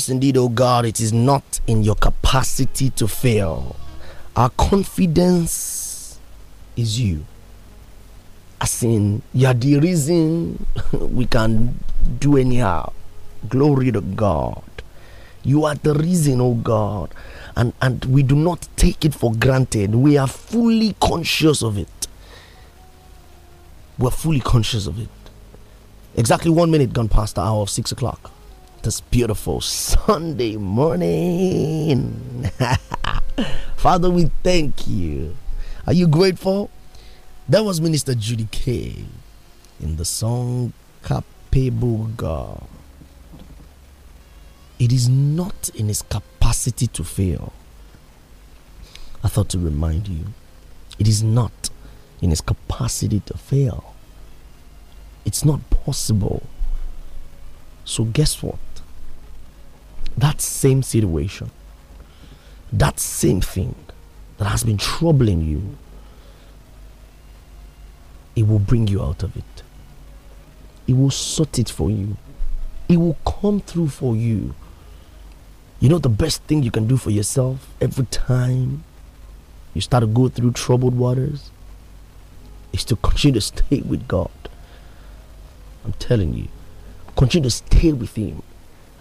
Yes, indeed, O oh God, it is not in your capacity to fail. Our confidence is you. As in, you are the reason we can do anyhow. Glory to God. You are the reason, oh God. And, and we do not take it for granted. We are fully conscious of it. We're fully conscious of it. Exactly one minute gone past the hour of six o'clock this beautiful Sunday morning. Father, we thank you. Are you grateful? That was Minister Judy K in the song Capable It is not in his capacity to fail. I thought to remind you, it is not in his capacity to fail. It's not possible. So, guess what? that same situation, that same thing that has been troubling you, it will bring you out of it. It will sort it for you. It will come through for you. You know, the best thing you can do for yourself every time you start to go through troubled waters is to continue to stay with God. I'm telling you, continue to stay with Him.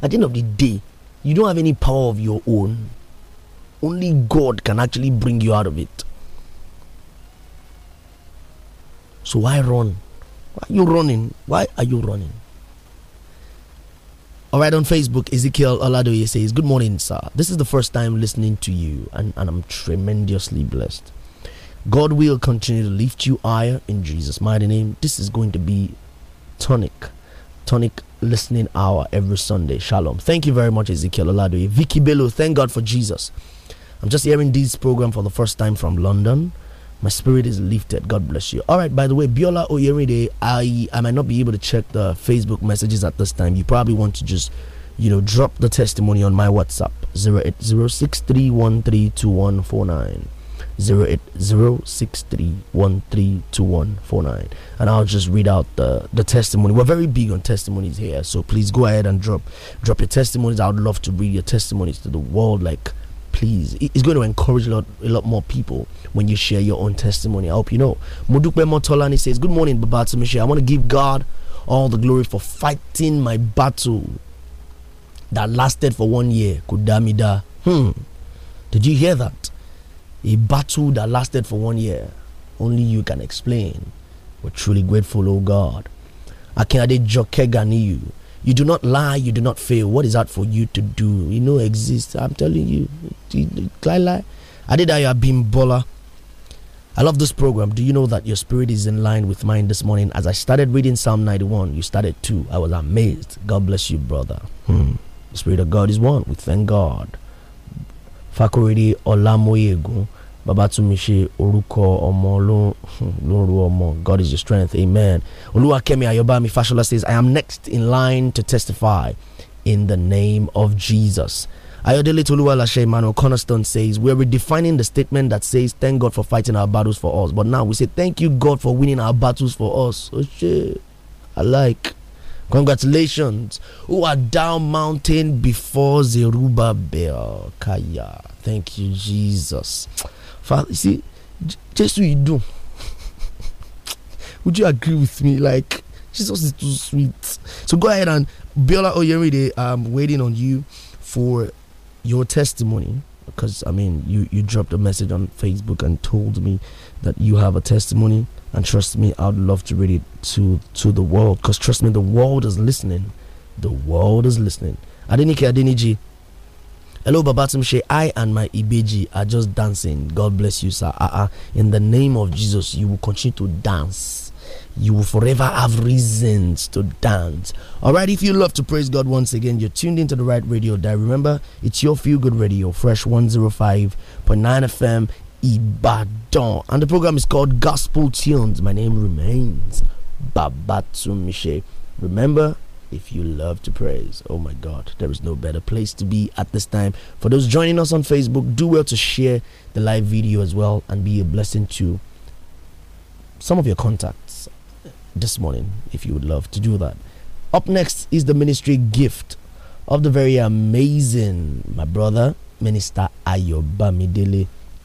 At the end of the day, you don't have any power of your own. Only God can actually bring you out of it. So why run? Why are you running? Why are you running? All right, on Facebook, Ezekiel Oladoye says, Good morning, sir. This is the first time listening to you, and, and I'm tremendously blessed. God will continue to lift you higher in Jesus' mighty name. This is going to be tonic tonic listening hour every Sunday. Shalom. Thank you very much, Ezekiel Oladoye. Vicky Bello, thank God for Jesus. I'm just hearing this program for the first time from London. My spirit is lifted. God bless you. All right, by the way, Biola Oyeride, I, I might not be able to check the Facebook messages at this time. You probably want to just, you know, drop the testimony on my WhatsApp 08063132149. 08063132149 and I'll just read out the the testimony. We're very big on testimonies here, so please go ahead and drop drop your testimonies. I would love to read your testimonies to the world like please it's going to encourage a lot, a lot more people when you share your own testimony i hope you know mudukbe motolani says good morning babatsumishi i want to give god all the glory for fighting my battle that lasted for one year kudamida hmm did you hear that a battle that lasted for one year. Only you can explain. We're truly grateful, O oh God. Akinade Jokeganiyu. You do not lie, you do not fail. What is that for you to do? You know exist. I'm telling you. Lie, lie. Adedayo Abimbola. I love this program. Do you know that your spirit is in line with mine this morning? As I started reading Psalm 91, you started too. I was amazed. God bless you, brother. Hmm. The Spirit of God is one. We thank God. Fakorede Olamoyegun Babatunmise orúkọ ọmọ ló ọmọ God is your strength amen Olúwakẹ́mi Ayọ̀bámi Fashola says I am next in line to testify in the name of Jesus. Ayodele Toluwalashe Emmanuel Cornerstone says, We're redefining the statement that says, Thank God for fighting our battles for us. But now we say, Thank you, God, for winning our battles for us. Oh, shit. I like. Congratulations, who are down mountain before Zerubbabel. Kaya. Thank you, Jesus. Father, see, just what you do. Would you agree with me? Like, Jesus is too sweet. So go ahead and Biola Oyeride, I'm um, waiting on you for your testimony because I mean you you dropped a message on Facebook and told me that you have a testimony and trust me i'd love to read it to to the world because trust me the world is listening the world is listening adenike adeniji hello babatumshe i and my ibeji are just dancing god bless you sir uh-uh. in the name of jesus you will continue to dance you will forever have reasons to dance. All right, if you love to praise God once again, you're tuned into the right radio dial. Remember, it's your feel good radio, Fresh 105.9 FM Ibadan. And the program is called Gospel Tunes. My name remains Babatsumishe. Remember, if you love to praise, oh my God, there is no better place to be at this time. For those joining us on Facebook, do well to share the live video as well and be a blessing to some of your contacts this morning if you would love to do that. Up next is the ministry gift of the very amazing, my brother, Minister Ayobamidele. Bamidele.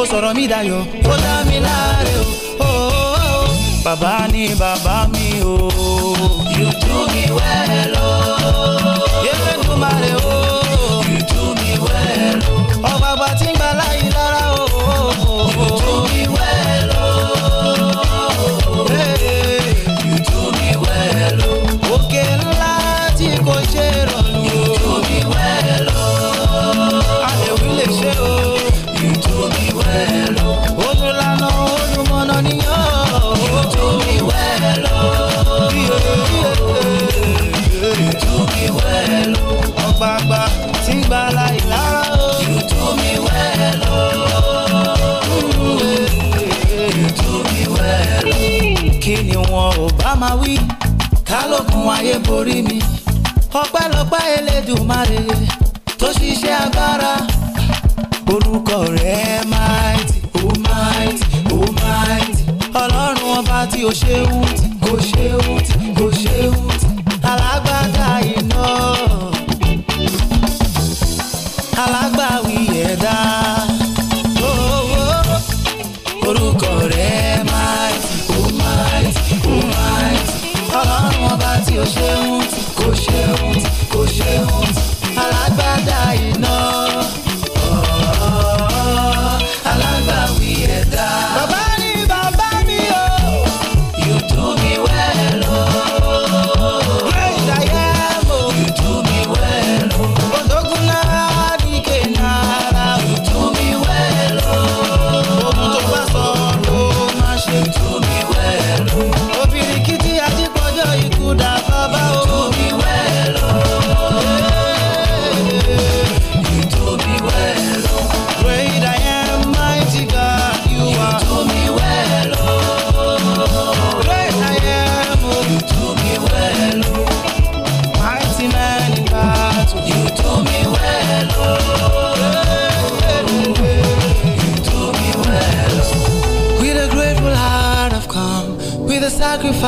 ó sọ̀rọ̀ mi dayọ̀ ó dá mi láre o. Oh, oh, oh. bàbá ni bàbá mi o. you do me well o.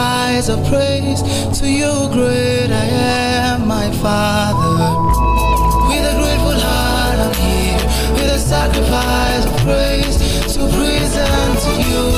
cries of praise to you, great I am, my Father. With a grateful heart, I'm here with a sacrifice of praise to present to you.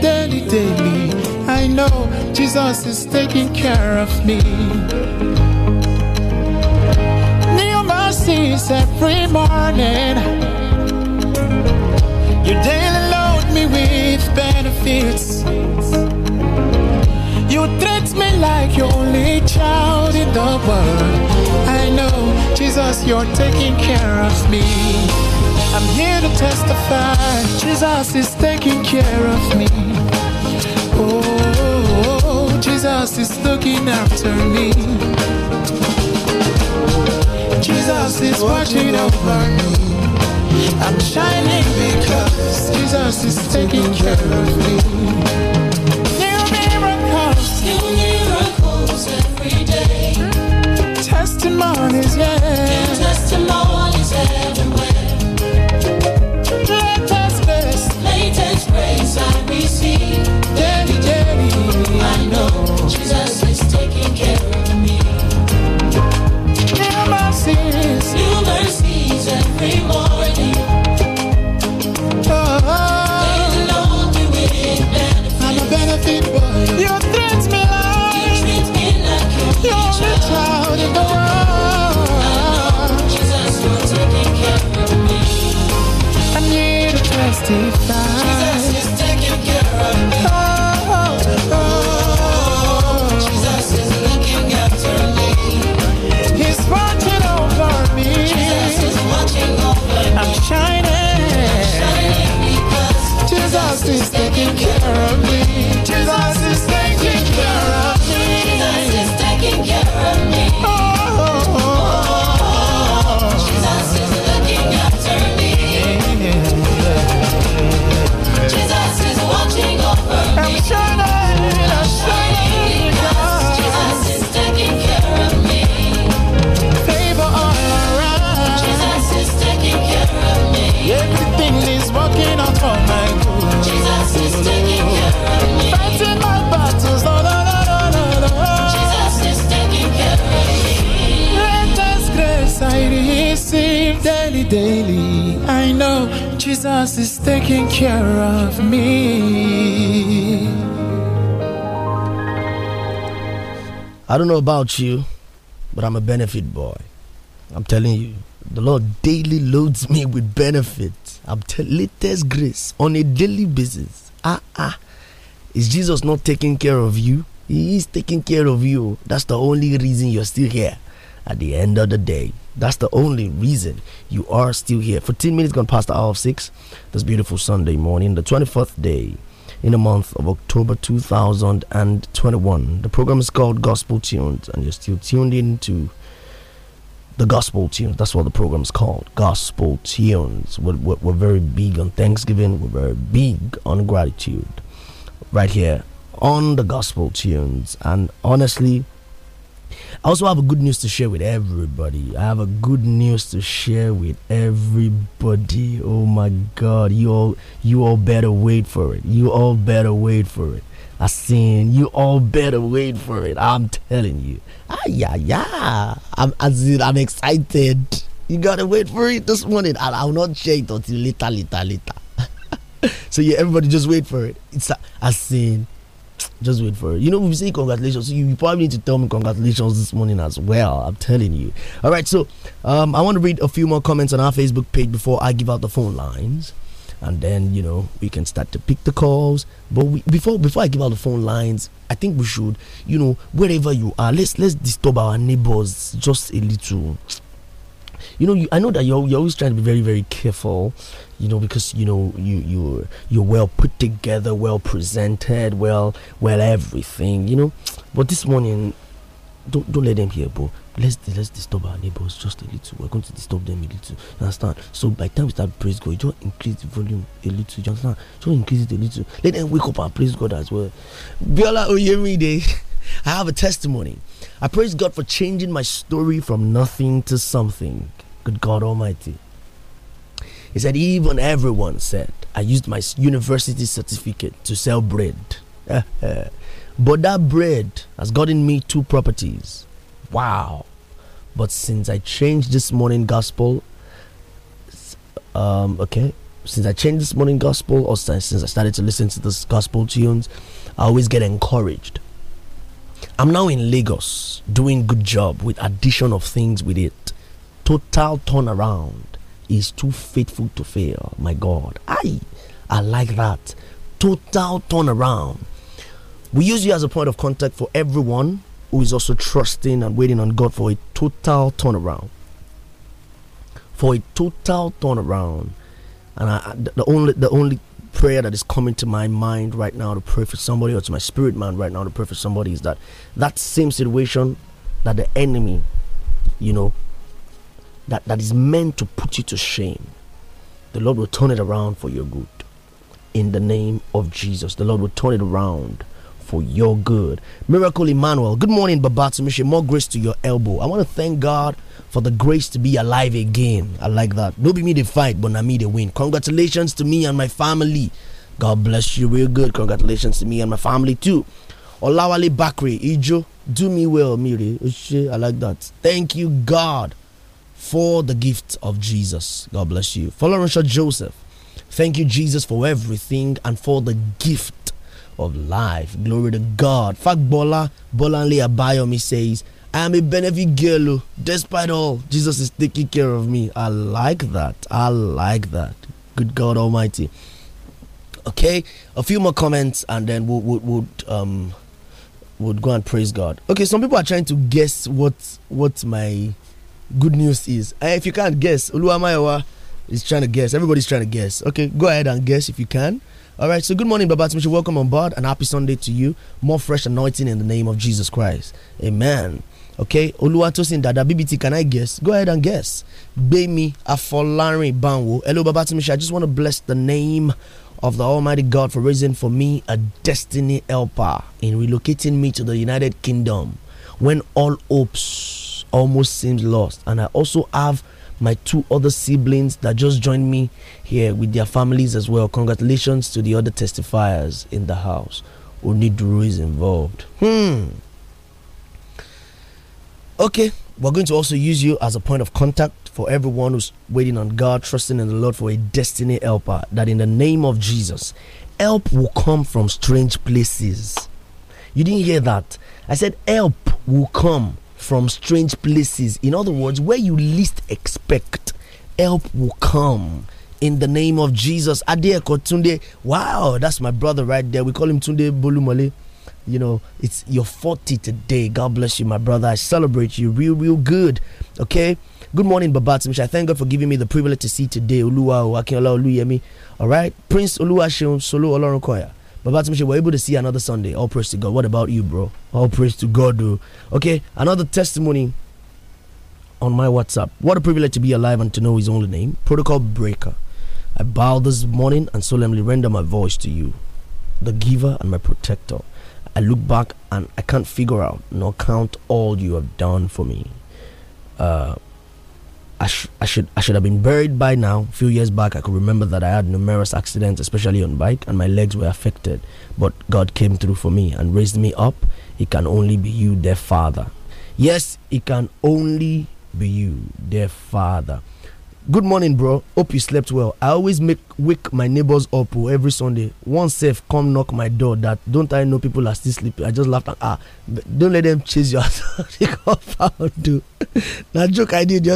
daily, daily. I know Jesus is taking care of me. New mercies every morning. You daily load me with benefits. You treat me like your only child in the world. I know, Jesus, you're taking care of me. I'm here to testify Jesus is taking care of me. Oh, Jesus is looking after me. Jesus is watching over me. I'm shining because Jesus is taking care of me. New miracles, new miracles every day. Testimonies, yeah. love me. I don't know about you, but I'm a benefit boy. I'm telling you, the Lord daily loads me with benefits. I'm t- latest grace on a daily basis. Ah ah, is Jesus not taking care of you? He is taking care of you. That's the only reason you're still here. At the end of the day, that's the only reason you are still here. 14 minutes gone past the hour of six. This beautiful Sunday morning, the 24th day in the month of October 2021. The program is called Gospel Tunes, and you're still tuned in to the Gospel Tunes. That's what the program is called Gospel Tunes. We're, we're, we're very big on Thanksgiving, we're very big on gratitude right here on the Gospel Tunes. And honestly, I also have a good news to share with everybody. I have a good news to share with everybody. Oh my God, you all, you all better wait for it. You all better wait for it. I seen you all better wait for it. I'm telling you. Ah yeah yeah. I'm I'm excited. You gotta wait for it this morning. I, I'll not share it until later later later. so yeah, everybody just wait for it. It's a seen just wait for it. You know, we say congratulations, so you, probably need to tell me congratulations this morning as well. I'm telling you. All right, so um, I want to read a few more comments on our Facebook page before I give out the phone lines. And then you know we can start to pick the calls. But we, before before I give out the phone lines, I think we should you know wherever you are, let's let's disturb our neighbors just a little you know, you, I know that you're, you're always trying to be very, very careful, you know, because you know you you you're well put together, well presented, well well everything, you know. But this morning, don't don't let them hear, bro. Let's let's disturb our neighbors just a little. We're going to disturb them a little. You understand? So by the time we start praise God, just increase the volume a little. You understand? Just increase it a little. Let them wake up and praise God as well. Biola Oyemide, I have a testimony. I praise God for changing my story from nothing to something. Good God Almighty. He said, Even everyone said, I used my university certificate to sell bread. but that bread has gotten me two properties. Wow. But since I changed this morning gospel, um, okay, since I changed this morning gospel, or since, I started to listen to this gospel tunes, I always get encouraged. I'm now in Lagos doing good job with addition of things with it total turnaround is too faithful to fail. My God. I I like that. Total turnaround. We use you as a point of contact for everyone who is also trusting and waiting on God for a total turnaround. For a total turnaround. And I, the only the only prayer that is coming to my mind right now to pray for somebody or to my spirit man right now to pray for somebody is that that same situation that the enemy you know that, that is meant to put you to shame, the Lord will turn it around for your good. In the name of Jesus, the Lord will turn it around for your good. Miracle Emmanuel, good morning, Babatsumishi. More grace to your elbow. I want to thank God for the grace to be alive again. I like that. Don't be me the fight, but not me the win. Congratulations to me and my family. God bless you real good. Congratulations to me and my family too. Olawale Bakri, Ijo, do me well, Miri. I like that. Thank you, God for the gift of Jesus. God bless you. Follow Richard Joseph. Thank you, Jesus, for everything and for the gift of life. Glory to God. Bola Bolanle Abayomi says, I am a benefit girl. Oh. Despite all, Jesus is taking care of me. I like that. I like that. Good God Almighty. Okay, a few more comments and then we'll, we'll, we'll um, would we'll go and praise God. Okay, some people are trying to guess what what my good news is. Eh, if you can't guess, Oluwamayawa is trying to guess. Everybody's trying to guess. Okay, go ahead and guess if you can. All right, so good morning, Baba Welcome on board and happy Sunday to you. More fresh anointing in the name of Jesus Christ. Amen. Okay, Oluwatosin Dada BBT, can I guess? Go ahead and guess. Bemi afolari Banwo. Hello, Baba I just want to bless the name of the Almighty God for raising for me a destiny helper in relocating me to the United Kingdom when all hopes almost seems lost. And I also have my two other siblings that just joined me here with their families as well. Congratulations to the other testifiers in the house. Oniduru is involved. Hmm. Okay, we're going to also use you as a point of contact for everyone who's waiting on God, trusting in the Lord for a destiny helper. That in the name of Jesus, help will come from strange places. You didn't hear that. I said, help will come from strange places. In other words, where you least expect, help will come in the name of Jesus. Adeko Tunde, wow, that's my brother right there. We call him Tunde Bulumale. You know, it's your 40 today. God bless you, my brother. I celebrate you real, real good. Okay? Good morning, Babatim. thank God for giving me the privilege to see today. Oluwa Akinola Oluyemi. All right? Prince Oluwaseun Solo Koya we're able to see another Sunday. All praise to God. What about you, bro? All praise to God, bro. Okay, another testimony on my WhatsApp. What a privilege to be alive and to know His only name. Protocol breaker. I bow this morning and solemnly render my voice to you, the giver and my protector. I look back and I can't figure out nor count all you have done for me. Uh, I, sh- I should I should have been buried by now. A few years back, I could remember that I had numerous accidents, especially on bike, and my legs were affected. But God came through for me and raised me up. It can only be you, dear Father. Yes, it can only be you, dear Father. Good morning, bro. Hope you slept well. I always make wake my neighbors up oh, every Sunday. One self come knock my door. That don't I know people are still sleeping? I just laugh and ah, don't let them chase you out. do. now joke I did the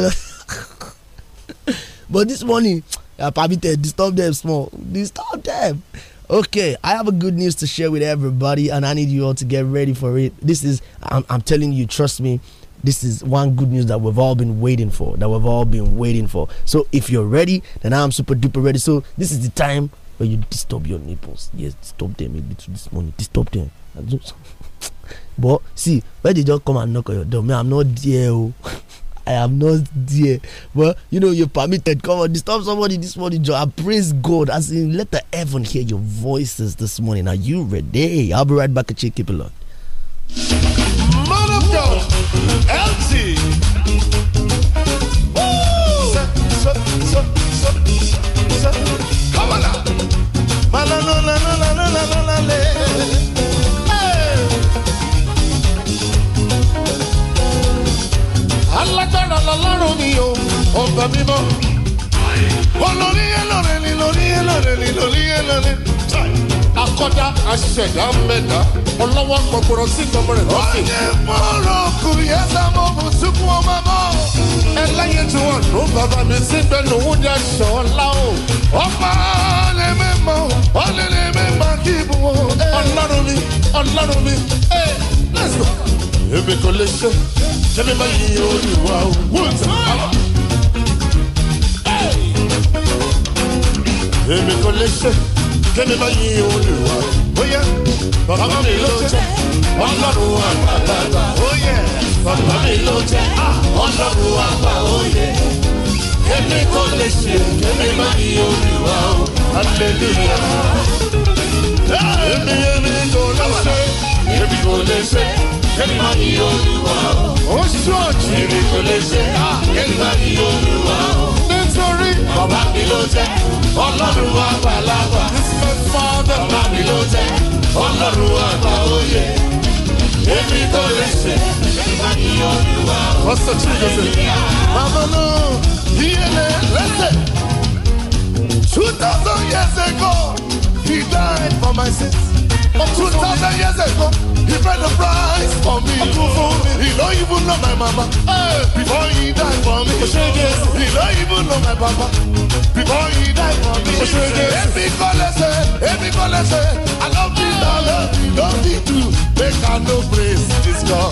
other. but this morning, I permitted disturb them small. Disturb them. Okay, I have a good news to share with everybody, and I need you all to get ready for it. This is I'm, I'm telling you, trust me this is one good news that we've all been waiting for. That we've all been waiting for. So if you're ready, then I'm super duper ready. So this is the time where you disturb your neighbors. Yes, disturb them maybe to this morning. Disturb them. but see, when they just come and knock on your door, man, I'm not there. Oh. I am not there. Well, you know, you're permitted. Come on, disturb somebody this morning, Joe. I praise God. As in, let the heaven hear your voices this morning. Are you ready? I'll be right back at you. Keep it locked. Man of God. LT. Come on now. Ma la la la la la la la la la. alágbára lọ́lọ́run mi o ọba mímọ́ olórí ẹlọrẹ ni lórí ẹlọrẹ ni lórí ẹlọrẹ. akọ́dá aṣẹ̀dá mẹ́ta ọlọ́wọ́ gbọ̀gbọ̀rọ̀ sí gbọ̀gbọ̀ rẹ̀ lọ́sì. ọ̀yẹ́ mọ̀rọ̀ kù yẹ sábọ̀ kù sùkú ọmọ bọ̀. ẹlẹ́yin tí wọ́n lù bàbá mi sí bẹ́ẹ̀ni òun jẹ́ aṣọ ńlá o. ọmọ ọ̀lẹ́ mi mọ̀ ọ̀lẹ́ lè mi mọ̀ kí ibù wọ̀. Eh. ọlọ́run mi ọlọ́run mi ẹ̀ eh, lẹ́sìn. èmi kò lè ṣe ṣé mi máa yí orí wa o. wọ́n ti èmi kò lè ṣe kémi bá yin olùwà bóyá bàbá mi ló jẹ́ ọlọ́run àgbàlagbà bóyá bàbá mi ló jẹ́ ọlọ́run àgbà òye èmi kò lè ṣe kémi bá yin olùwà o hallelujah. èmi èmi kò lè ṣe èmi kò lè ṣe kémi bá yin olùwà o. oṣù èmi kò lè ṣe kémi bá olùwà o bàbá mi ló jẹ́ ọlọ́run àgbàlagbà bàbá mi ló jẹ́ ọlọ́run àgbà òye èmi kò lè ṣe ìbániyàn olúwa hallelujah. Mama no, yele lẹ́sẹ̀. Two thousand years ago, he died for my sins. Two thousand years ago, he paid the price for me. He don't even know my mama. before he died for me. He don't even know my papa. Before he died for me. Every call say, every call say, I love you, I love you, love you too. They can no praise this God.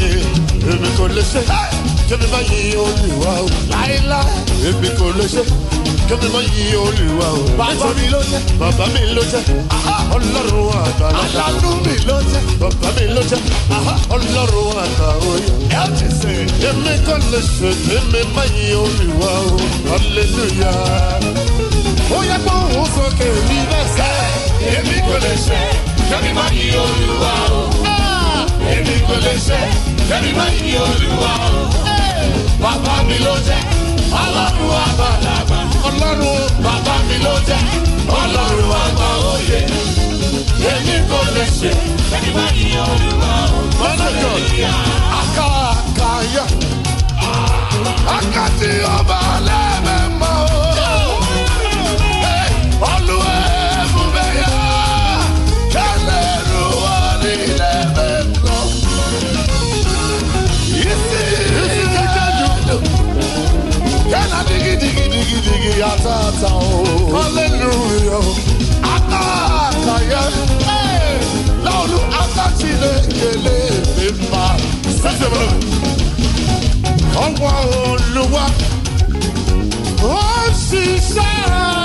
Yeah, every call say, hey, tell me my year, you are. Lie, lie, every call kẹ́mi mọ́ yí olùwà o. bàbá mi ló jẹ́. bàbá mi ló jẹ́. ọlọ́run àgbàlá. alánú mi ló jẹ́. bàbá mi ló jẹ́. ọlọ́run àtàwọ̀yà. ẹ ti sè. èmi kọ́ lè ṣe èmi mọ́ yí olùwà o. hallelujah. ó yẹ kó o sókè mi bẹ́ẹ̀ sẹ́. èmi kò lè ṣe kẹ́mi mọ́ yí olùwà o. Ah! èmi kò lè ṣe kẹ́mi mọ́ yí olùwà o. bàbá mi ló jẹ́ ọlọ́run àgbàlagbà ọlọ́run bàbá mi ló jẹ́ ọlọ́run àgbà òye èmi kò lè ṣe ẹni bá ní olúwa òkú ṣe àkàkà yẹ àkàtì ọba lẹ́mẹ̀ẹ́. digidigi Ata o. hallelujah àtàtà yẹn lọ́ọ̀lù àtàtìlẹ̀ kele mi ma. ọwọ́ olúwa ó ṣiṣẹ́.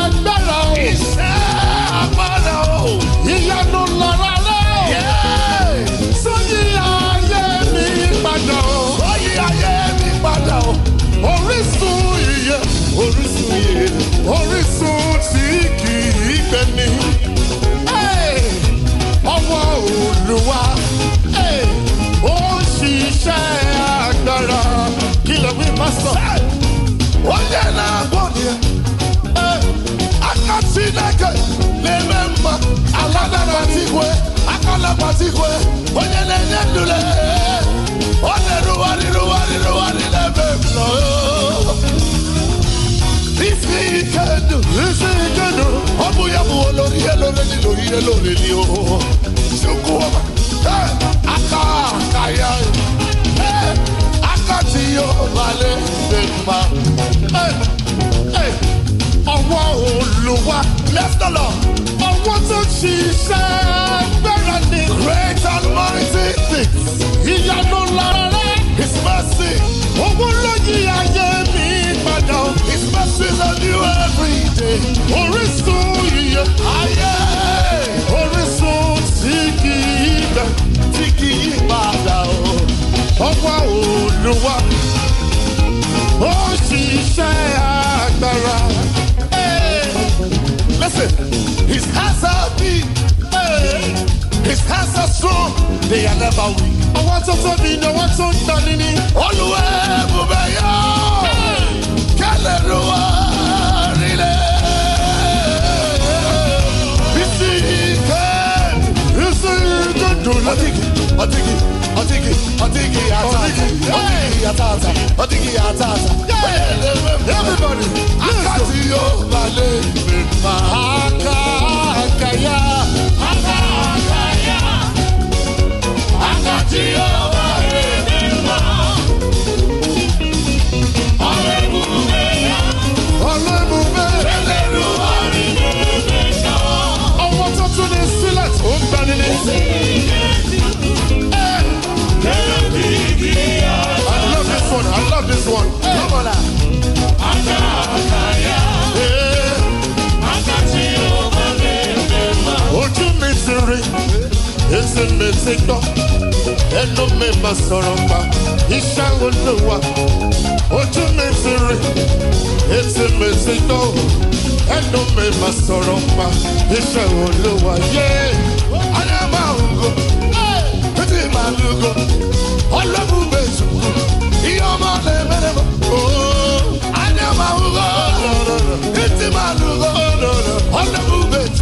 esemese gbọ́ ẹnu mi mà sọ̀rọ̀ pa iṣẹ́ olúwa ojú mi ti rí esemese gbọ́ ẹnu mi mà sọ̀rọ̀ pa iṣẹ́ olúwa yé ọ̀nà máa ń go títí máa ń go ọlọ́run méjì iye ọmọ lè mẹ́rẹ̀ mọ́ ọ̀nà máa ń go títí máa ń go ọlọ́run méjì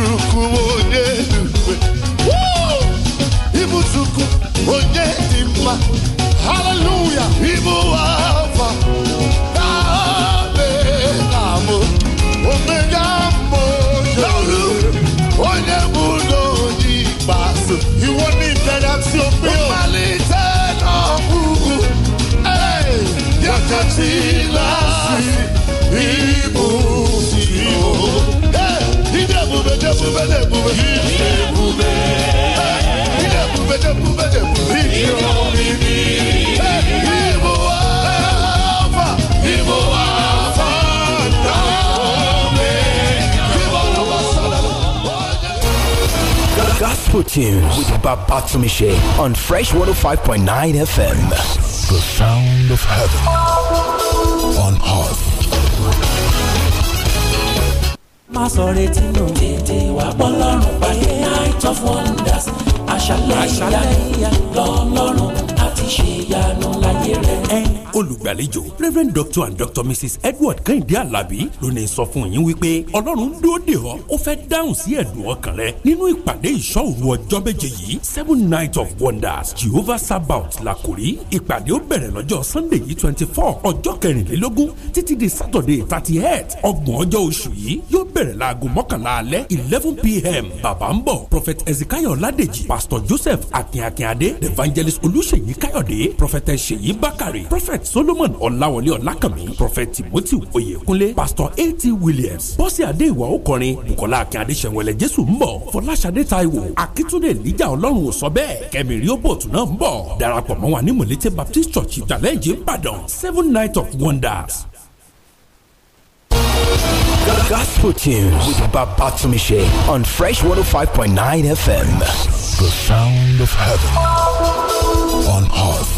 Ibutuku onye dube Ibutuku onye dị mma Hallelujah Ibu Alpha Gospel tunes with Babatunde Tumiche on Fresh 105.9 FM. The sound of heaven on earth. Má sọ Tètè wá bọ́ lọ́rùn night of wonders. Àṣàlẹ̀ ìyá lọ́lọ́run á ti ṣe. ìyanu láyé rẹ. olùgbàlejò reverend doctor and doctor mrs edward kẹ́hìndé alábí ló ní sọ fún yín wípé ọlọ́run dúró dè ọ́ ó fẹ́ dáhùn sí ẹ̀dùn ọkàn rẹ nínú ìpàdé ìṣọ́òru ọjọ́ méje yìí seven night of wonders jehovah sabaoth la kò rí ìpàdé ó bẹ̀rẹ̀ lọ́jọ́ sunday yìí twenty four ọjọ́ kẹrìnlélógún títí di saturday thirty eight ọgbọ̀n ọjọ́ oṣù yìí yóò bẹ̀rẹ̀ láago mọ́kànlá alẹ́ eleven pm bàbá ń bọ̀ prophet ezekiel ọládèjì pastor joseph akínyàkínyàdé evangelist olùṣèyí káyọ̀dé prophet ṣèyí bákàrè prophet solomon ọláwọlé ọlákànmí prophet timothy oyèkúnlé pastor at williams bọ́sì adé ìwà bukola akin adéṣẹ́wẹ̀lẹ̀ jésù ń bọ̀ fọláṣadé taiwo akitunde níjà ọlọ́run ò sọ bẹ́ẹ̀ kẹmí rí òbòtú náà ń bọ̀ darapọ̀ mọ́ wa ní mọ̀lẹ́tẹ̀ baptist church ìdàlẹ́jì ìbàdàn seven night of wonders. Gospel tunes with Babatunde Shea on Fresh 105.9 FM. The sound of heaven on earth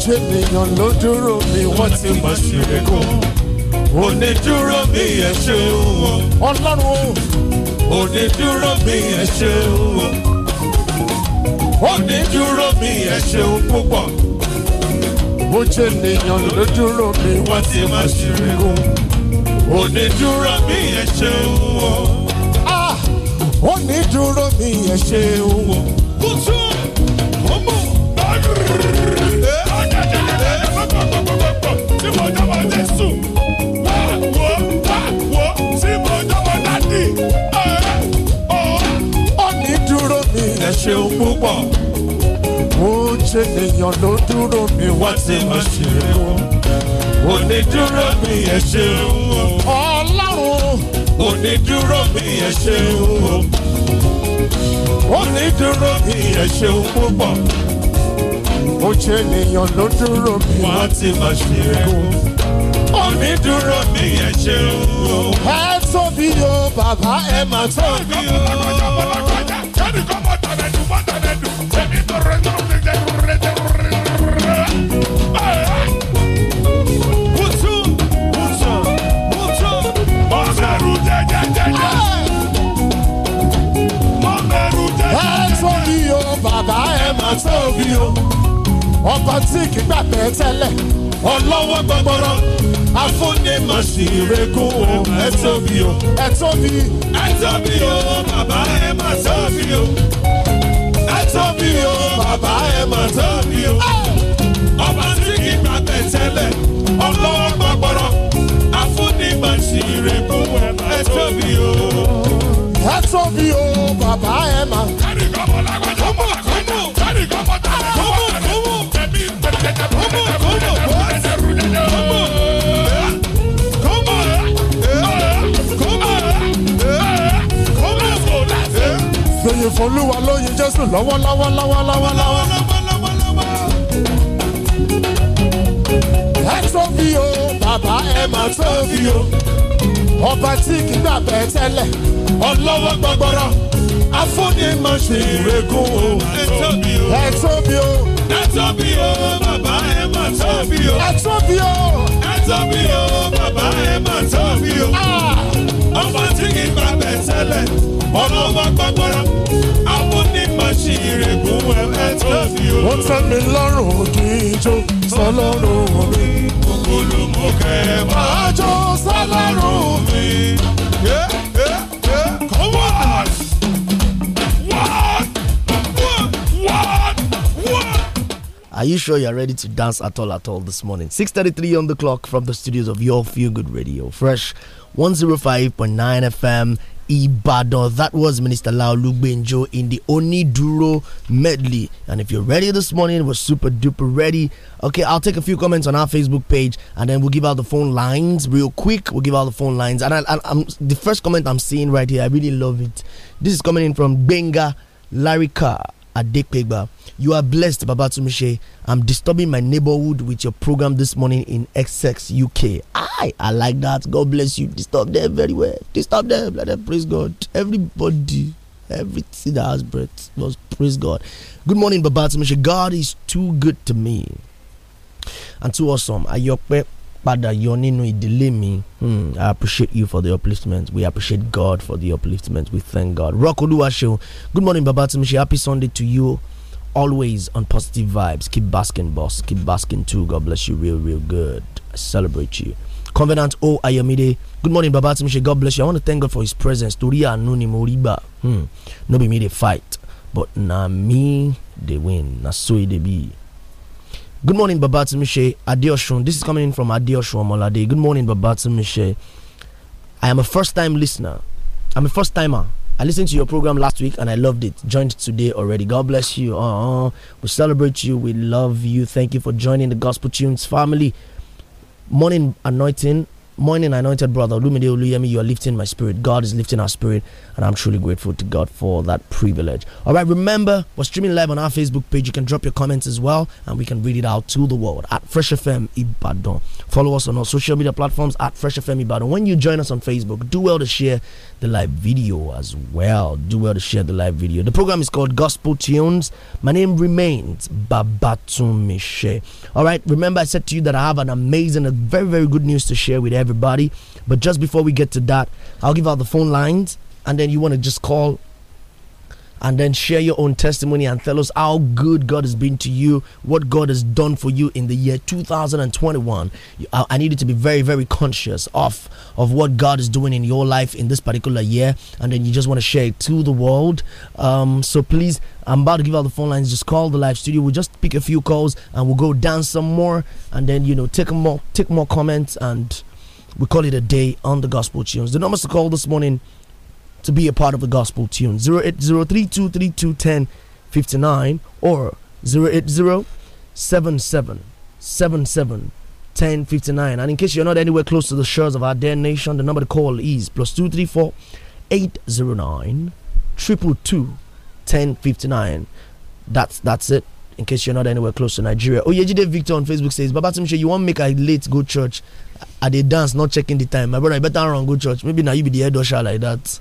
ojú ènìyàn ló dúró mi wọ́n ti mọ̀ sí ẹ̀kọ́ onídúró mi ẹ̀ ṣe wọ. ọlọ́run o. onídúró mi ẹ̀ ṣe wọ. duro mi ẹ̀ ṣe púpọ̀. ojú ènìyàn ló dúró mi wọ́n ti mọ̀ sí ẹ̀kọ́ onídúró mi ẹ̀ ṣe wọ. Ah! onídúró mi ẹ̀ ṣe wọ. kùtù ọmọ ọdún. ṣeun púpọ̀. ó ṣe èèyàn ló dúró mi wá tí mo ṣe o. onídúró mi ẹ ṣeun. ọlọ́run. onídúró mi ẹ ṣeun. onídúró mi ẹ ṣeun púpọ̀. ó ṣe èèyàn ló dúró mi wá tí mo ṣe o. onídúró mi ẹ ṣeun. ẹ tóbi o bàbá ẹ máa tóbi o. tóbi o ọkọ̀ tí kì í gbà bẹ́ẹ̀ tẹ́lẹ̀ ọlọ́wọ́ gbọgbọrọ afúnimọ̀síregún o ẹ tóbi o ẹ tóbi ẹ tóbi o bàbá ẹ mà tóbi o ẹ tóbi o bàbá ẹ mà tóbi o ọba tí kì í tẹ́lẹ̀ ọlọ́wọ́ gbọgbọrọ afúnimọ̀síregún o ẹ tóbi o. ẹ tóbi o bàbá ẹ mà. ẹnì kan lágbàdo mọ̀. ìjọsìn fún olúwa lóyin jésù lọ́wọ́lọ́wọ́ lọ́wọ́lọ́wọ́ lọ́wọ́. ẹ tóbi o bàbá ẹ mà tóbi o ọba tí kì í gbàgbé tẹ́lẹ̀ ọlọ́wọ́ gbọgbọ́rọ́ afúnni máa ṣe ìrẹ́kùn o ẹ tóbi o ẹ tóbi o bàbá ẹ mà tóbi o ẹ tóbi o bàbá ẹ mà tóbi o. Ah! ọba tí kì í gbàgbẹ́ sẹ́lẹ̀ ọlọ́wọ́ gbàgbọ́ra amúnímọ̀ṣí ìrègùn ẹ̀ tó fi o. ó tẹ́ mi lọ́rùn kí n jó sọlọ́run mi. kúkúlù mú kẹ́ máa jó sọlọ́run mi. Are you sure you're ready to dance at all at all this morning? 6.33 on the clock from the studios of Your Feel Good Radio. Fresh 105.9 FM Ibadan. That was Minister Lao Lugbenjo in the Oniduro medley. And if you're ready this morning, we're super duper ready. Okay, I'll take a few comments on our Facebook page and then we'll give out the phone lines real quick. We'll give out the phone lines. And I, am the first comment I'm seeing right here, I really love it. This is coming in from Benga Larika. Adekpegba. You are blessed, Babatumishe. I'm disturbing my neighborhood with your program this morning in XX UK. I, I like that. God bless you. Disturb them very well. Disturb them. Let them praise God. Everybody, everything that has breath must praise God. Good morning, Babatumishe. God is too good to me and too awesome. Ayokpe padà yọ nínú ìdílé mi. me. Hmm, I appreciate you for the upliftment. We appreciate God for the upliftment. We thank God. Rock Oluwaseun. Good morning, Baba Timishi. Happy Sunday to you. Always on positive vibes. Keep basking, boss. Keep basking too. God bless you real, real good. I celebrate you. Convenant. O Ayamide. Good morning, Baba Timishi. God bless you. I want to thank God for his presence. Tori Anuni Moriba. Hmm. No be me fight. But na me they win. Na so it be. Good morning, Babatsumishe Adioshun. This is coming in from Adioshun Molade. Good morning, Miche. I am a first time listener. I'm a first timer. I listened to your program last week and I loved it. Joined today already. God bless you. Uh, we celebrate you. We love you. Thank you for joining the Gospel Tunes family. Morning anointing Morning, anointed brother Lumide Oluyemi, you are lifting my spirit. God is lifting our spirit, and I'm truly grateful to God for that privilege. All right, remember, we're streaming live on our Facebook page. You can drop your comments as well, and we can read it out to the world at Fresh FM Ibadan. Follow us on our social media platforms at Fresh FM Ibadan. When you join us on Facebook, do well to share the live video as well. Do well to share the live video. The program is called Gospel Tunes. My name remains Babatumishe. All right, remember I said to you that I have an amazing, a very, very good news to share with everybody. But just before we get to that, I'll give out the phone lines and then you want to just call and then share your own testimony and tell us how good God has been to you, what God has done for you in the year 2021. I need you to be very, very conscious of, of what God is doing in your life in this particular year, and then you just want to share it to the world. Um, so please, I'm about to give out the phone lines. Just call the live studio. We'll just pick a few calls and we'll go down some more, and then you know take more, take more comments, and we call it a day on the gospel tunes. The numbers to call this morning to be a part of the gospel tune 08032321059 or 0807777 and in case you're not anywhere close to the shores of our dear nation the number to call is plus 234 that's that's it in case you're not anywhere close to Nigeria. Oh, Yejide Victor on Facebook says, Baba Timshe, you want make a late go church? at a dance, not checking the time. My brother, I better run go church. Maybe now you be the head usher like that.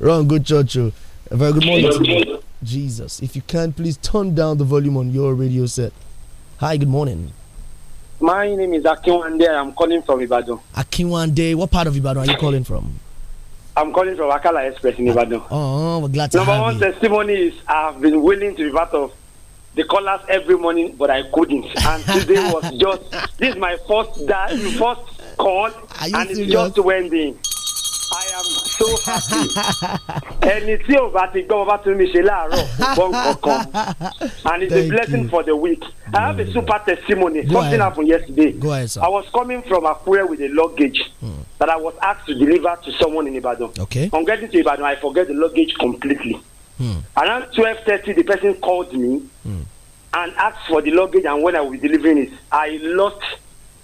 Wrong, good church. Oh. A very good morning. Jesus. If you can, please turn down the volume on your radio set. Hi, good morning. My name is Akinwande. I'm calling from Ibadan. Akinwande, what part of Ibadan are you calling from? I'm calling from Akala Express in Ibadan. Oh, we're glad to Number one you. testimony is I've been willing to be part of the callers every morning, but I couldn't. And today was just this is my first that first call, and serious? it's just in tó happy ẹni tí ò bá ti gbọ́ bàbá tún mi ṣe láàárọ̀ gbọ́ and it's Thank a blessing you. for the week I have a super testimony Go something ahead. happened yesterday Go ahead, sir. I was coming from Akure with a luggage hmm. that I was asked to deliver to someone in Ibadan okay. on getting to Ibadan I forget the luggage completely hmm. around twelve thirty the person called me hmm. and asked for the luggage and when I was delivering it I lost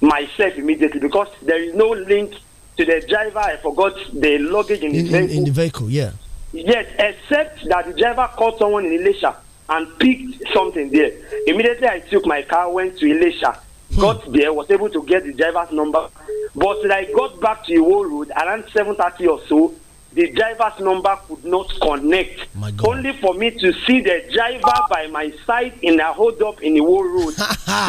myself immediately because there is no link to the driver, I forgot the luggage in, in the vehicle. In the vehicle, yeah. Yes, except that the driver called someone in Elisha and picked something there. Immediately, I took my car, went to Elisha, hmm. got there, was able to get the driver's number. But I got back to Iwo Road around 7.30 or so, the driver's number could not connect. Only for me to see the driver by my side in a hold up in the whole road.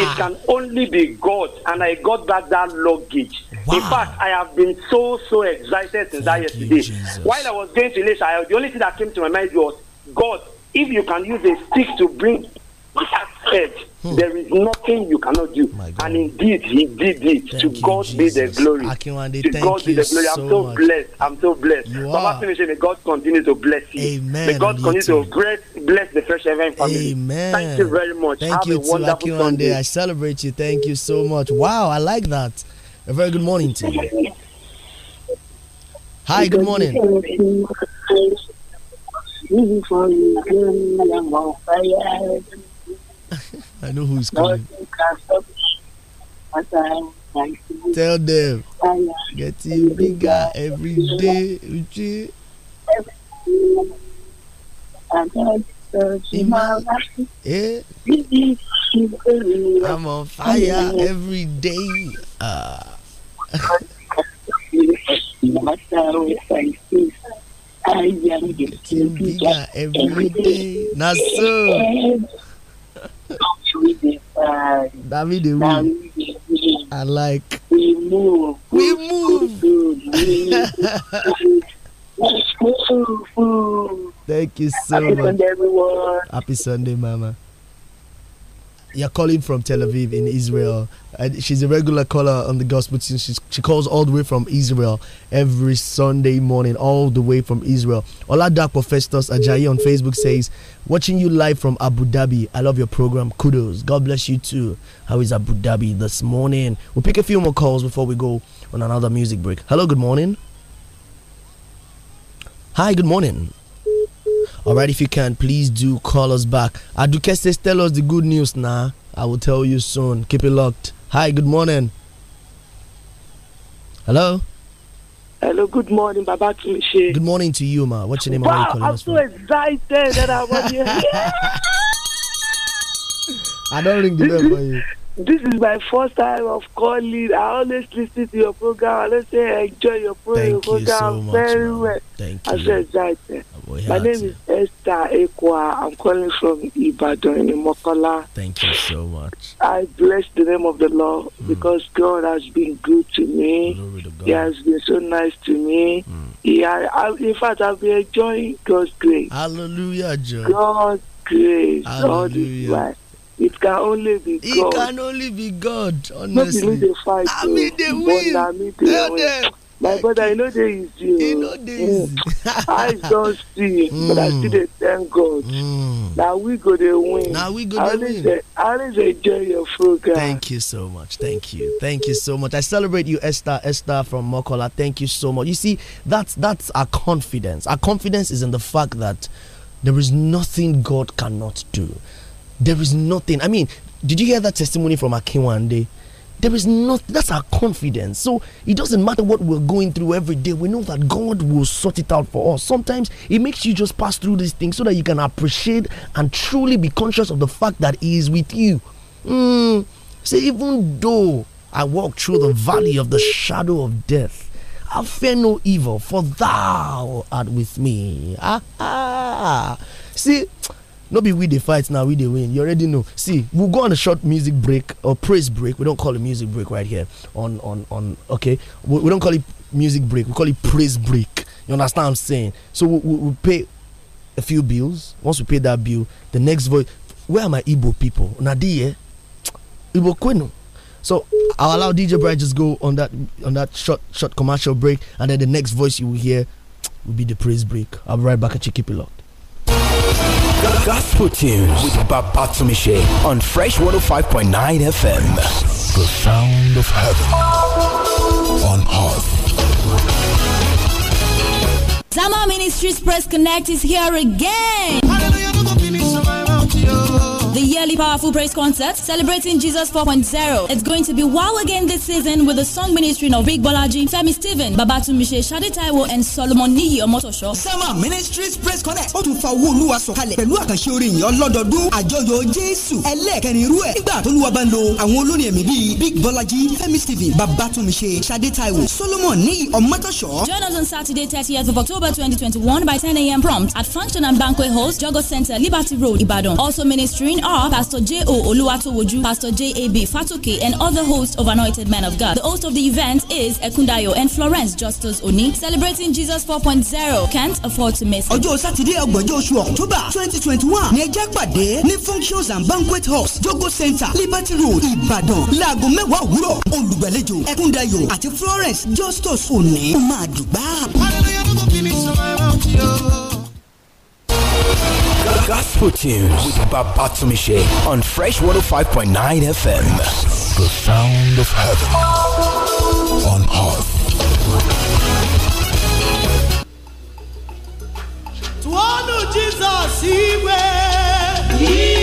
it can only be God. And I got back that luggage. Wow. In fact, I have been so, so excited since that yesterday. While I was going to Elisha, the only thing that came to my mind was God, if you can use a stick to bring what has said, hmm. there is nothing you cannot do. And indeed, he did it. Thank to you, God Jesus. be the glory. Akinwande, to God be the glory. I'm so, blessed. I'm so blessed. You Mama Finish, may God continue to bless you. Amen. May God continue to bless, bless the Fresh event family. Amen. Thank you very much. Thank Have you a too, wonderful Akinwande. Sunday. I celebrate you. Thank you so much. Wow, I like that. A very good morning to you. Hi, good morning. I know who's calling. Tell them. Getting bigger every day, I'm on fire every day. Uh. I am getting bigger every day. Now, so. Davide, we. I like. We move. We move. Thank you so much. Happy Sunday, everyone. Happy Sunday, Mama you're calling from Tel Aviv in Israel. she's a regular caller on the gospel team. She's, she calls all the way from Israel every Sunday morning, all the way from Israel. Oladapo Festus Ajayi on Facebook says, Watching you live from Abu Dhabi. I love your program. Kudos. God bless you too. How is Abu Dhabi this morning? We'll pick a few more calls before we go on another music break. Hello, good morning. Hi, good morning. All right, if you can, please do call us back. Aduke says, tell us the good news now. I will tell you soon. Keep it locked. Hi, good morning. Hello. Hello, good morning, Baba Kimishi. Good morning to you, ma. What's your name? Wow, you I'm so from? excited that I was here. I don't ring the bell for you. This is my first time of calling. I always listen to your program. I always say I enjoy your program Thank you so much, very much. Well. Thank you. I'm so excited. We My name is Esther Ekwa. I'm calling from Ibadan in Mokola. Thank you so much. I bless the name of the Lord mm. because God has been good to me. glory To he has been so nice to me. Mm. Yeah, I, in fact, I've been enjoying God's grace. Hallelujah, Joe. God's grace. Hallelujah. It can only be God. It can only be God, honestly. Not oh. the fight, I mean, they win. I mean, they win my brother i know dey You o e no I easy eyes don see but i mm. still dey thank god mm. na we go dey win na we go dey win i always enjoy your program thank you so much thank you thank you so much i celebrate you esther esther from mokola thank you so much you see that's that's our confidence our confidence is in the fact that there is nothing god cannot do there is nothing i mean did you hear that testimony from akinwande there is not that's our confidence. So it doesn't matter what we're going through every day. We know that God will sort it out for us. Sometimes it makes you just pass through these things so that you can appreciate and truly be conscious of the fact that He is with you. Mm, See, even though I walk through the valley of the shadow of death, I fear no evil, for thou art with me. Ah, ah. See, no be we dey fight now we dey win you already know see we'll go on a short music break or praise break we don't call it music break right here on on on okay we, we don't call it music break we call it praise break you understand i'm saying so we, we, we, pay a few bills once we pay that bill the next voice where are my igbo people nadia igbo kwenu so i'll allow dj bright just go on that on that short short commercial break and then the next voice you will hear will be the praise break i'll be right back at you keep it locked gospel tunes with Babatunde on Fresh 105.9 FM. The sound of heaven on earth. Zama Ministries Press Connect is here again. Hallelujah. The yearly Powerful Praise Concert celebrating Jesus 4.0. It's going to be wow again this season with the song ministry of Big Bolaji, Femi Steven, Babatumishe Shadetaiwo, and Solomon Niyi Omotosho. Sama Ministries Praise Connect ó tún fa owó olúwa sọ̀kalẹ̀ pẹ̀lú àkànṣe orin ìyàn lọ́dọọdún àjọyọ̀ Jésù ẹlẹ́ẹ̀kẹrin irú ẹ̀ nígbà tó lúwa bá ń lo àwọn olórin ẹ̀mí bíi Big Bolaji, Femi Steven, Babatumishe Shadetaiwo, Solomon Niyi Omotosho. Join us on Saturday 30th of October 2021 by 10 a.m. prompt at Function and Banquet Host, Jogo Center, Liberty Road, Ibadan. Also ministering Leading are Pastor J.O. Oluwatowoju, Pastor J.A.B. Fatoke, and other hosts of Anointed Men of God. The host of the event is Ekundayo and Florence Justus Oni, celebrating Jesus 4.0. Can't afford to miss. Ọjọ́ Sátidé ọgbọ̀njọ́ oṣù October twenty twenty one ni ẹjẹ́ pàdé ní Functions and Banquet Halls, Jogo Center, Liberty Road, Ìbàdàn, láago mẹ́wàá òwúrọ̀. Olùgbàlejò Ekundayo àti Florence Justus Oni ó máa dùgbà. Hallelujah, Gospel Tunes with Babatsumishe on Fresh 105.9 FM. The sound of heaven on earth. To honor Jesus, he will.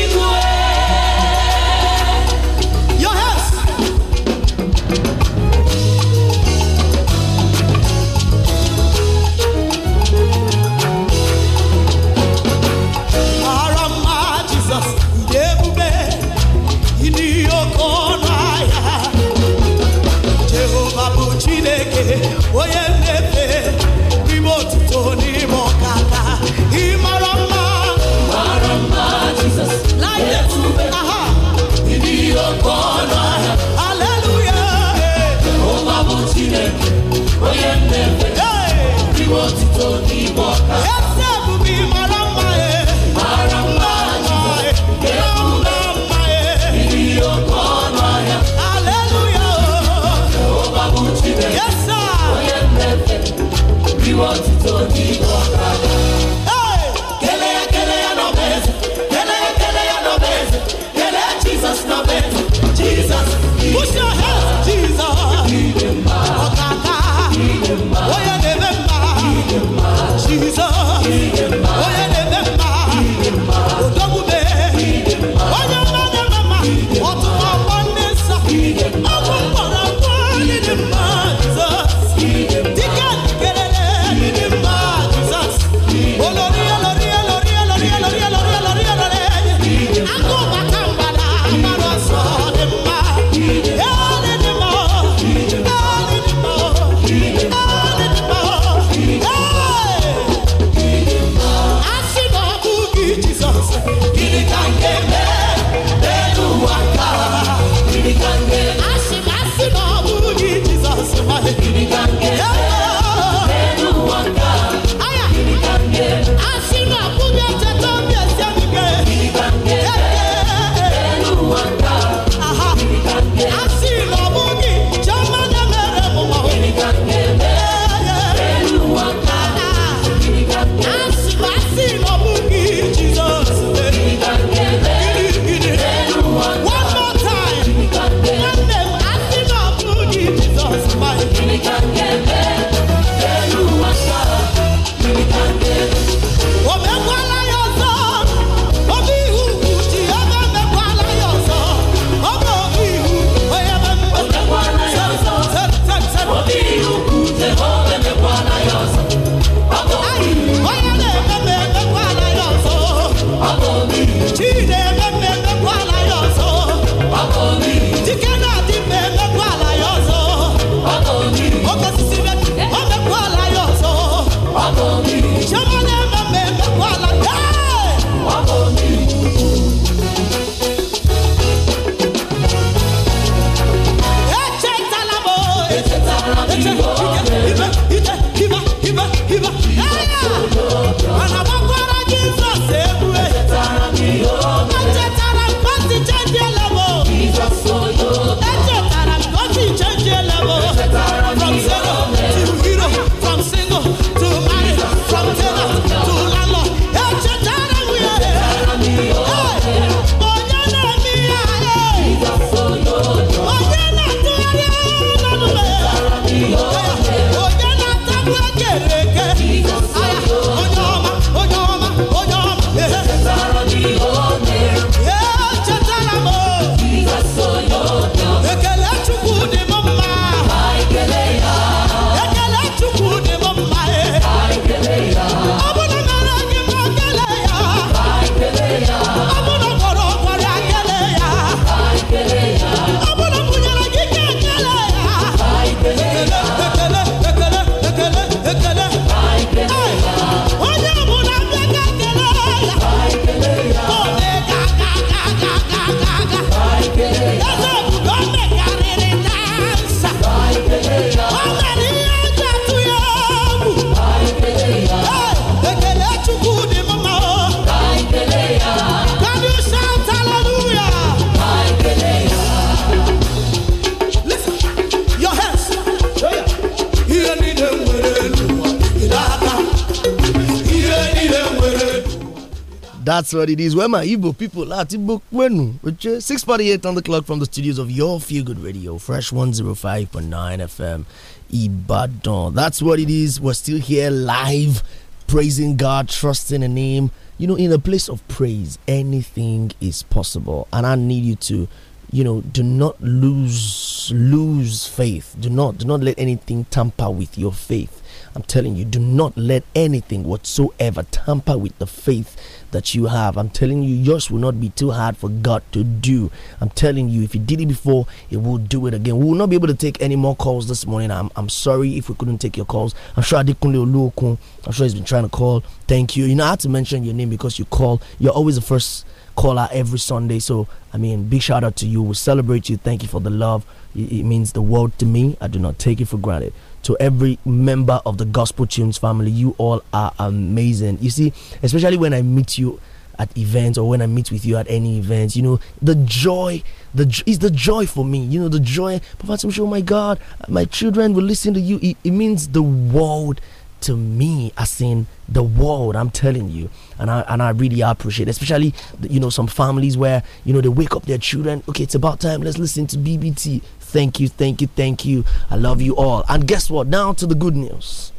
That's what it is. Where my Igbo people at? Igbo Kwenu. 648 on the clock from the studios of Your Feel Good Radio, Fresh 105.9 FM, Ibadan. That's what it is. We're still here live, praising God, trusting the name. You know, in a place of praise, anything is possible. And I need you to you know do not lose lose faith do not do not let anything tamper with your faith I'm telling you, do not let anything whatsoever tamper with the faith that you have. I'm telling you, yours will not be too hard for God to do. I'm telling you, if He did it before, He will do it again. We will not be able to take any more calls this morning. I'm, I'm sorry if we couldn't take your calls. I'm sure Adikunle Oluokun, I'm sure he's been trying to call. Thank you. You know, I had to mention your name because you call. You're always the first caller every Sunday. So, I mean, big shout out to you. We we'll celebrate you. Thank you for the love. It means the world to me. I do not take it for granted to every member of the Gospel Tunes family. You all are amazing. You see, especially when I meet you at events or when I meet with you at any events, you know, the joy, the is the joy for me. You know, the joy. I'm sure, oh my God, my children will listen to you. It, it means the world to me as in the world i'm telling you and i and i really appreciate it. especially you know some families where you know they wake up their children okay it's about time let's listen to bbt Thank you, thank you, thank you. I love you all. And guess what? Now to the good news.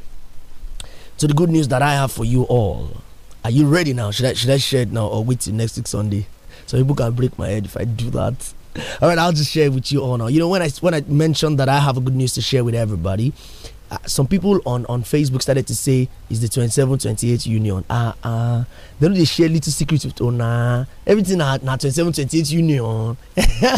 To the good news that I have for you all. Are you ready now? Should I should I share it now or wait till next week Sunday? So people can break my head if I do that. All right, I'll just share it with you all now. You know when I when I mentioned that I have a good news to share with everybody, uh, some people on on Facebook started to say it's the 27 28 union. Ah uh, ah, uh, they share little secrets with Ona. Everything at Nah 27 28 union.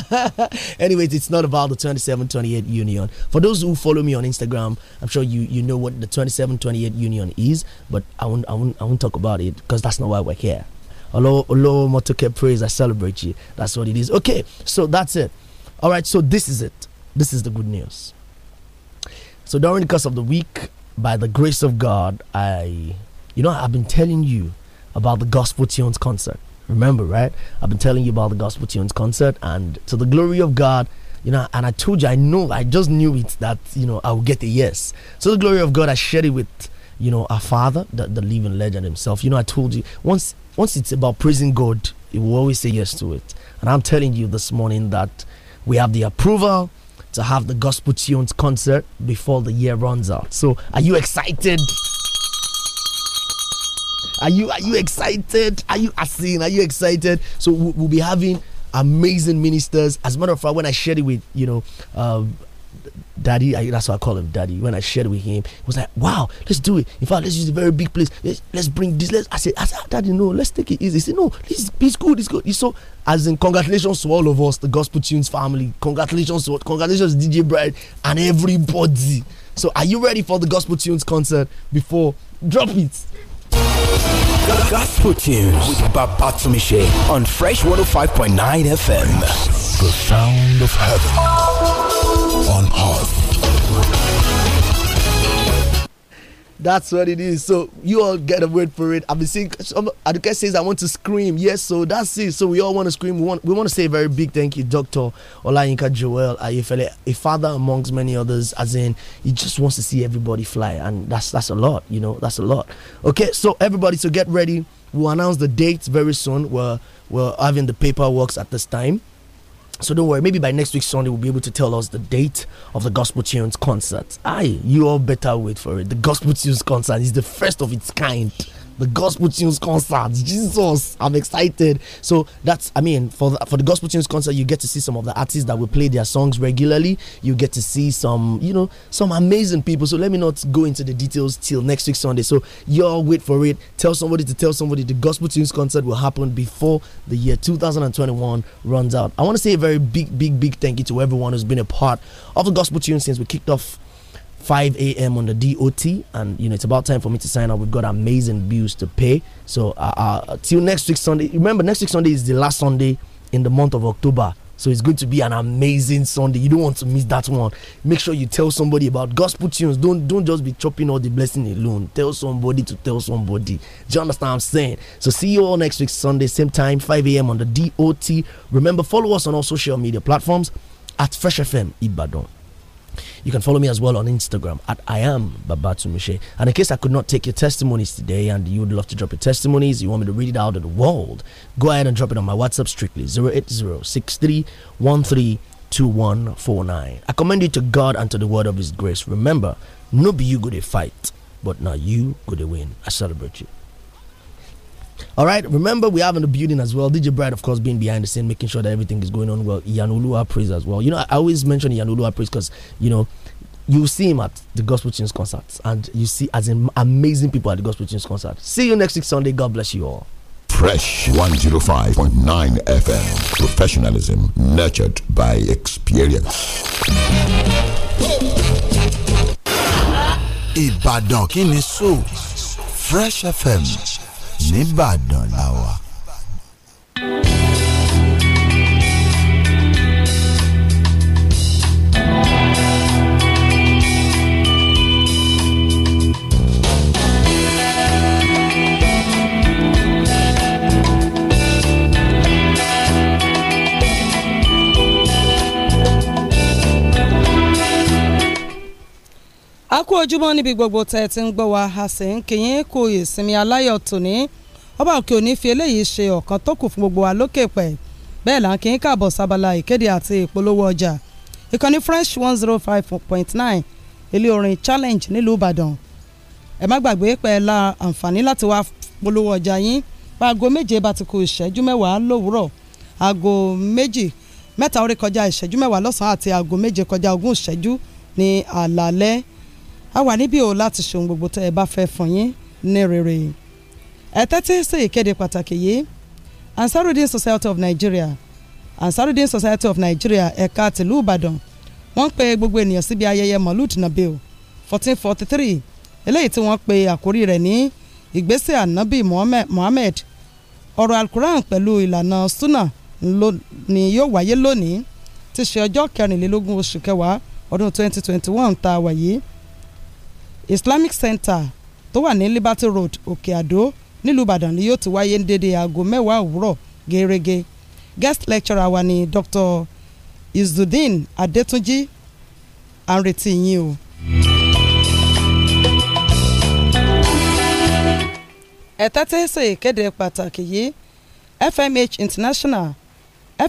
Anyways, it's not about the 27 28 union. For those who follow me on Instagram, I'm sure you you know what the 27 28 union is, but I won't I won't I won't talk about it because that's not why we're here. Olo Olo Motoke praise I celebrate you. That's what it is. Okay, so that's it. All right, so this is it. This is the good news. So during the course of the week, by the grace of God, I, you know, I've been telling you about the Gospel Tunes concert. Remember, right? I've been telling you about the Gospel Tunes concert, and to the glory of God, you know, and I told you, I know, I just knew it that, you know, I would get a yes. So the glory of God, I shared it with, you know, our father, the, the living legend himself. You know, I told you, once, once it's about praising God, you will always say yes to it. And I'm telling you this morning that we have the approval to have the Gospel Tunes concert before the year runs out. So, are you excited? Are you are you excited? Are you seeing? Are you excited? So we'll, be having amazing ministers. As a matter of fact, when I shared it with you know um, Daddy, I, that's what I call him Daddy. When I shared with him, he was like, wow, let's do it. In fact, let's use a very big place. Let's, let's bring this. Let's, I said, I said, ah, Daddy, no, let's take it easy. He said, no, this, it's good, it's good. He's so, as in, congratulations to all of us, the Gospel Tunes family. Congratulations to, congratulations DJ Bride and everybody. So, are you ready for the Gospel Tunes concert before? Drop it. Gospel Tunes with Babatunde on Fresh 105.9 FM. The sound of heaven on earth. That's what it is. So you all get a word for it. I've been seeing some Aduke says I want to scream. Yes, so that's it. So we all want to scream. We want we want to say a very big thank you, Dr. Olajinka Joel Ayefele, a father amongst many others, as in he just wants to see everybody fly. And that's that's a lot, you know, that's a lot. Okay, so everybody, so get ready. We'll announce the dates very soon. We're we're having the paperwork at this time. So don't worry, maybe by next week Sunday we'll be able to tell us the date of the Gospel Tunes concert. Aye, you all better wait for it. The Gospel Tunes concert is the first of its kind the Gospel Tunes concert. Jesus, I'm excited. So that's, I mean, for the, for the Gospel Tunes concert, you get to see some of the artists that will play their songs regularly. You get to see some, you know, some amazing people. So let me not go into the details till next week Sunday. So y'all wait for it. Tell somebody to tell somebody the Gospel Tunes concert will happen before the year 2021 runs out. I want to say a very big, big, big thank you to everyone who's been a part of the Gospel Tunes since we kicked off 5 a.m. on the DOT, and you know it's about time for me to sign up. We've got amazing bills to pay. So uh, uh, till next week Sunday. Remember, next week Sunday is the last Sunday in the month of October. So it's going to be an amazing Sunday. You don't want to miss that one. Make sure you tell somebody about gospel tunes. Don't don't just be chopping all the blessing alone. Tell somebody to tell somebody. Do you understand what I'm saying? So see you all next week Sunday, same time, 5 a.m. on the DOT. Remember, follow us on all social media platforms at Fresh FM Ibadan. You can follow me as well on Instagram at I am Babatumishe. And in case I could not take your testimonies today and you would love to drop your testimonies, you want me to read it out to the world, go ahead and drop it on my WhatsApp strictly 08063132149. I commend you to God and to the word of His grace. Remember, no be you good a fight, but now you good a win. I celebrate you. All right. Remember, we have in the building as well. DJ Bright, of course, being behind the scene, making sure that everything is going on well. Yanulua Praise as well. You know, I always mention Yanulua Praise because, you know, you see him at the Gospel Tunes concerts and you see as in amazing people at the Gospel Tunes concert. See you next week Sunday. God bless you all. Fresh 105.9 FM. Professionalism nurtured by experience. Ibadan Kini Fresh FM. nìbàdàn la wà. a kú ojúmọ́ níbi gbogbo tẹ́ ẹ ti ń gbọ́ wa a sì ń kí yín kú ìsinmi aláyọ̀ tòní ọba òkè òní fi eléyìí ṣe ọ̀kan tó kù fún gbogbo wa lókè pẹ̀ bẹ́ẹ̀ là ń kí n káàbọ̀ sábàlá ìkéde àti ìpolówó ọjà ìkànnì fresh one zero five point nine ilé orin challenge nílùú ìbàdàn ẹ má gbàgbé pé la àǹfààní láti wá polówó ọjà yín paago méje bá ti kù ìṣẹ́jú mẹ́wàá lówùúrọ̀ aago méjì mẹ́ta orí kọjá ìṣẹ́jú mẹ́wàá lọ́sàn-án àti aago méje kọjá ogún ìṣẹ́jú ní àlàálẹ́ a wà níbí o láti ṣe ohun gbogbo tẹ́ ẹ bá fẹ́ fún yín ní rere ẹ tẹ́tí sí ìkéde pàtàkì yìí Ansarudeen Society of Nigeria Ansarudeen Society of Nigeria ẹ̀ka tìlú Ìbàdàn wọ́n ń pe gbogbo ènìyàn síbi ayẹyẹ Maulud Nabil fourteen forty three eléyìí tí wọ́n pe àkórí rẹ̀ ní ìgbésẹ̀ ànábì Muhammad ọ̀rọ̀ alukuran pẹ̀lú ìlànà sunna ni yóò wáyé lónìí ti ṣe ọjọ́ kẹrìnlélógún oṣù kẹwàá ọdún twenty twenty one tá a wà yìí Islamic Center tó wà ní Liberty Road Òkè Àdó nílùú ìbàdàn ni yóò ti wáyé ní dédé aago mẹ́wàá òwúrọ̀ gẹ́rẹ́gẹ́ guest lecturer wa ni dr izudeen Adetunji à ń retí yín o. ẹ̀tẹ́ tí ń ṣe ìkéde pàtàkì yìí FMH International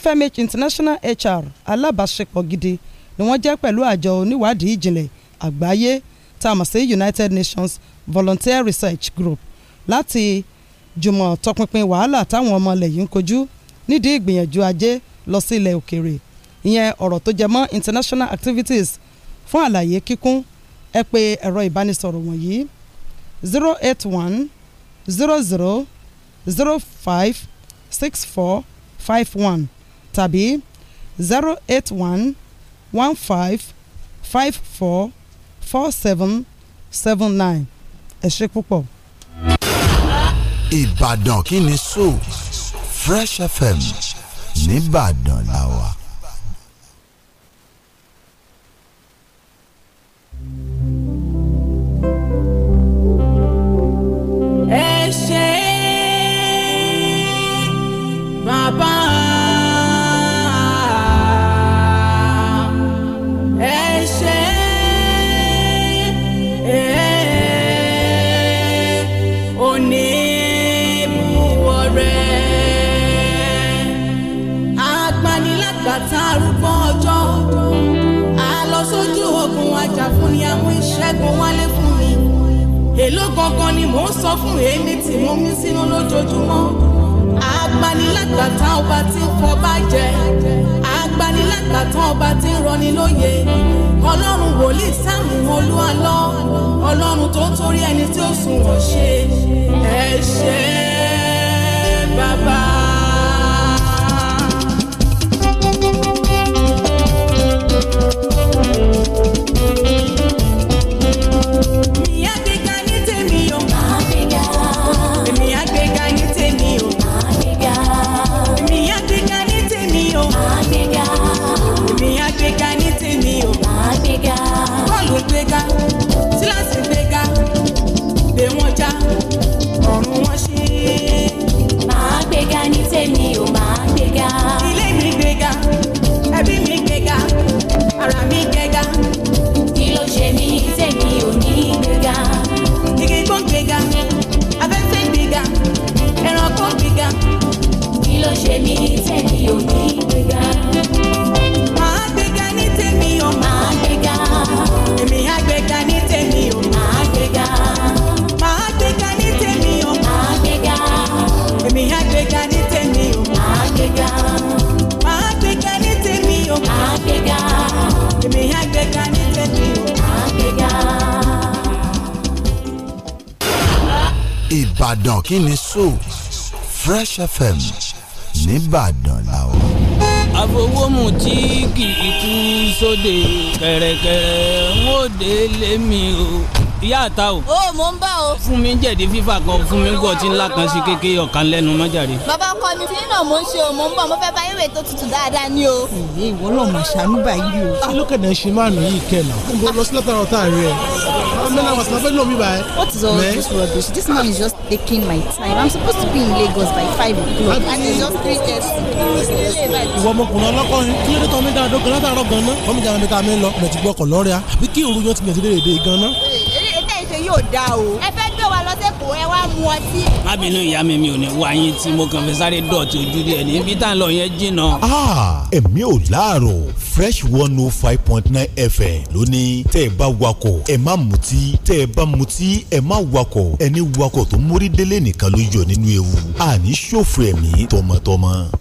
FMH International HR alábàáṣepọ̀ gidi ni wọ́n jẹ́ pẹ̀lú àjọ oníwádìí ìjìnlẹ̀ àgbáyé tá a mọ̀ sí United Nations Volunteer Research Group láti jùmọ̀ tọpinpin wàhálà táwọn ọmọ ilẹ̀ yìí ń kojú nídìí ìgbìyànjú ajé lọ sí ilẹ̀ òkèèrè ìyẹn ọ̀rọ̀ tó jẹ mọ́ international activities fún àlàyé kíkún ẹ pè ẹ̀rọ ìbánisọ̀rọ̀ wọ̀nyí zero eight one zero zero zero five six four five one tàbí zero eight one one five five four four seven seven nine ẹ ṣé púpọ̀. Ìbàdàn kí ni so Fresh FM nìbàdàn la wà. ẹ ṣe bàbá. èló gangan ni mò ń sọ fún èmi tí mo mí sínú lójoojúmọ́ agbanilátàtàn ọba tí ń fọba jẹ agbanilátàtàn ọba tí ń rọni lóye ọlọ́run wòlíì sáàmù olúwalọ́ ọlọ́run tó torí ẹni tí ó sùn wọ́n ṣe ẹ bàbá. kíni so Fresh FM nìbàdàn làwọn. àfọwọ́mù tí kì í kú sóde kẹ̀rẹ̀kẹ̀rẹ̀ ń ó dé lémi o ìyá àta o. ó mò ń bá o. fún mi jẹ̀dí fífà kan fún mi gọ̀ọ́tì ńlá kan sí kékeré ọ̀kan lẹ́nu mọ́jàre. bàbá ọkọ mi tí náà mò ń ṣe o mò ń bọ̀ mo fẹ́ bá ewé tó tutù dáadáa ni o. ìwé ìwọ́lọ́ màṣánú báyìí o. kí ló ṣe máa nù yìí kẹ̀ náà. ó lọ sí látara ọ̀tá rẹ̀ spend hours na fẹ́ lò mí báyìí. what is all Man? this rubbish this man is just taking my time i'm supposed to be in Lagos by five o'clock and it's just three thirty. ìwọ ọmọkùnrin ọlọ́kọrin kí ló dé mi dáadọ́ kan látàárọ̀ gan-an kọ́mi jàǹdà mi ká mi lọ mẹ̀tì gbọ́kọ̀ lọ́rẹ́ a àbí kí òru yóò ti gbẹ̀dẹ̀ èdè gan-an. ìṣe eh, eh, eh, yóò dáa o. ẹ fẹ́ gbé wa lọ sẹ́kọ̀ọ́ ẹ wá mu ọtí. má bínú ìyá mi mi ò ní wá yín tí mo kàn fẹ́ sáré dọ̀tí ojú rẹ̀ níbi tá à ń lọ yẹn jìnnà. Ah, ẹ̀mí ò láàrò fresh one oh five point nine fm lónìí tẹ́ ẹ bá wakọ̀ ẹ má mutí tẹ́ ẹ bá mutí ẹ má wakọ̀ ẹni wakọ̀ tó mórí délé nìkan ló yọ nínú ewu àní ṣòfò ẹ̀mí tọmọtọmọ.